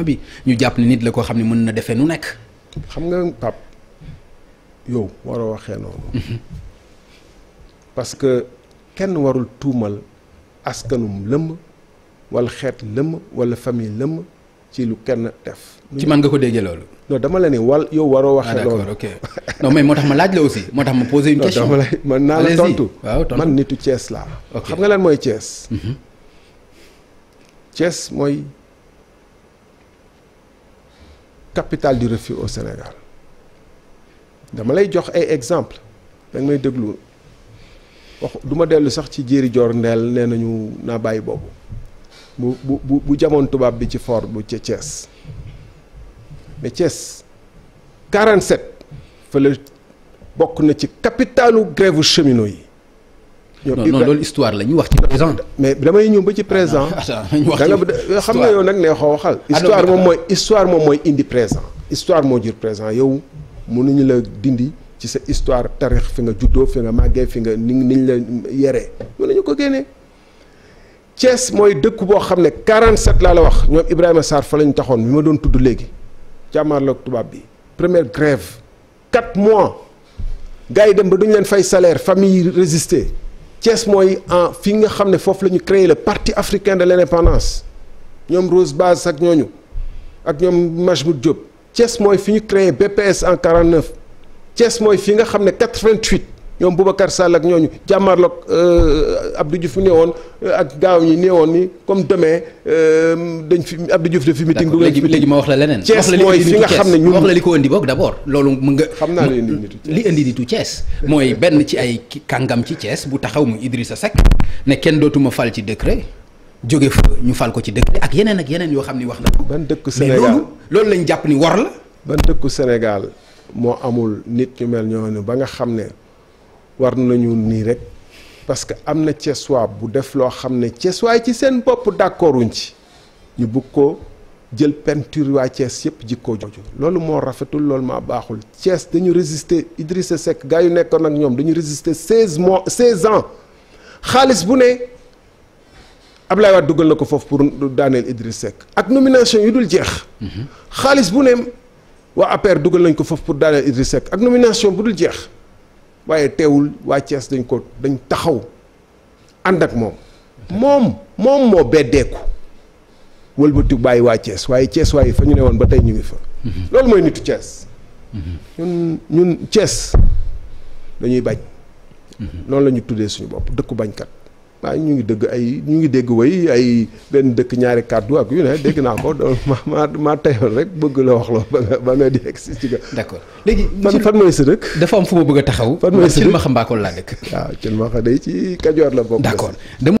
important bi ñu jàpp ne nit la koo xam ne mën na defee nu nekk. xam nga Pape yow waroo waxee noonu. Mhm. que kenn warul tuumal askanum lëmm wala xeet lëmm wala famille lëmm ci lu kenn def. ci man nga ko déggee loolu. dama la wal yow waroo waxee ah, loolu moo tax ma laaj la moo tax ma posé une question dama la man naa la tontu man mooy Thiès. Mhm. Thiès mooy capital du refus au Sénégal dama lay jox ay exemple da nga may déglu wax du dellu sax ci jéeri joor ndeel nee nañu naa bàyyi boobu bu bu bu bu jamoon tubaab bi ci fort bu ca Thiès mais Thiès 47 fële bokk na ci capitalu grève cheminot yi non non loolu histoire la ñu wax ci présent. mais damay ñëw ba ci présent. Ah, da nga xam nga yow nag nee xoo waxal. Ah, histoire moom mooy histoire moom mooy indi présent. histoire moo jur présent yow mënuñu la dindi ci sa histoire tarix fi nga juddoo fi nga màggee fi nga ni ni ñu la yeree mënuñu ko génnee. ces mooy dëkk boo xam ne 47 laa la wax ñoom Ibrahima Sarr fa la ñu taxoon bi ma doon tudd léegi jàmmaarloog tubaab bi première grève 4 mois gars yi dem ba duñu leen fay salaire famille résister. Thiès mooy en ah, fi nga xam ne foofu la ñu créé le parti africain de l' ñoom Rose Baz ak ñooñu ak ñoom Majmout Diop Thiès mooy fi ñu créé BPS en 49 ces mooy fi nga xam ne 88. ñoom Boubacar Sall ak ñooñu jàmmarloog euh, Abdou Diouf ne woon euh, ak gaaw ñi ne woon ni comme demain euh, dañ fi Abdou Diouf daf fi meeting. du léegi léegi ma wax la leneen. Thiès mooy fi nga xam ne ñun wax la li ko indi boog d' abord. loolu mën nga xam naa li indi nitu cees mooy benn ci ay kàngam ci cees bu taxaw mu sa Seck ne kenn dootuma fal ci décret. jóge fa ñu fal ko ci dëkk ak yeneen ak yeneen yoo xam ni wax na ko. ban dëkku Sénégal loolu loolu lañ jàpp ni war la. ban dëkku Sénégal moo amul nit ñu mel ñooñu ba nga xam ne war nañu nii rek parce que am na Thiessois bu def loo xam ne Thiessois ci seen bopp d'accord wuñ ci ñu bugg ko jël peinture waa Thiès yëpp jikkoo jooju loolu moo rafetul loolu maa baaxul Thiès dañu résister Idrissa Seck gars yu nekkoon ak ñoom dañu résister seize mois seize ans xaalis bu ne Ablaye Wade duggal na ko foofu pour daaneel Idrissa Seck ak nomination yu dul jeex. Mhm. xaalis bu ne waa APR duggal nañ ko foofu pour daaneel Idrissa Seck ak nomination bu dul jeex. waaye teewul waa Thiès dañ ko dañ taxaw ànd ak moom moom moom moo beddeeku wëlbatu bàyyi waa Thiès waaye Thiès waaye fa ñu ne woon ba tey ñu ngi fa mhm. loolu mooy nitu Thiès mhm. ñun ñun cees dañuy bañ mhm. loolu lañu tuddee suñu bopp dëkku bañkat waaw ñu ngi dëgg ay ñu ngi dégg way ay benn dëkk ñaari kàddu ak yu ne dégg naa ko ma ma maa rek bëgg la wax loo ba nga ba nga di egsi ci ga d'accord léegi fan fan mooy sa dafa am fu ma bëgg a taxaw fan mooy sa dëkk Cilmaxa Mbakol laa dëkk waaw Cilmaxa day ci Kajoor la bokk d'accord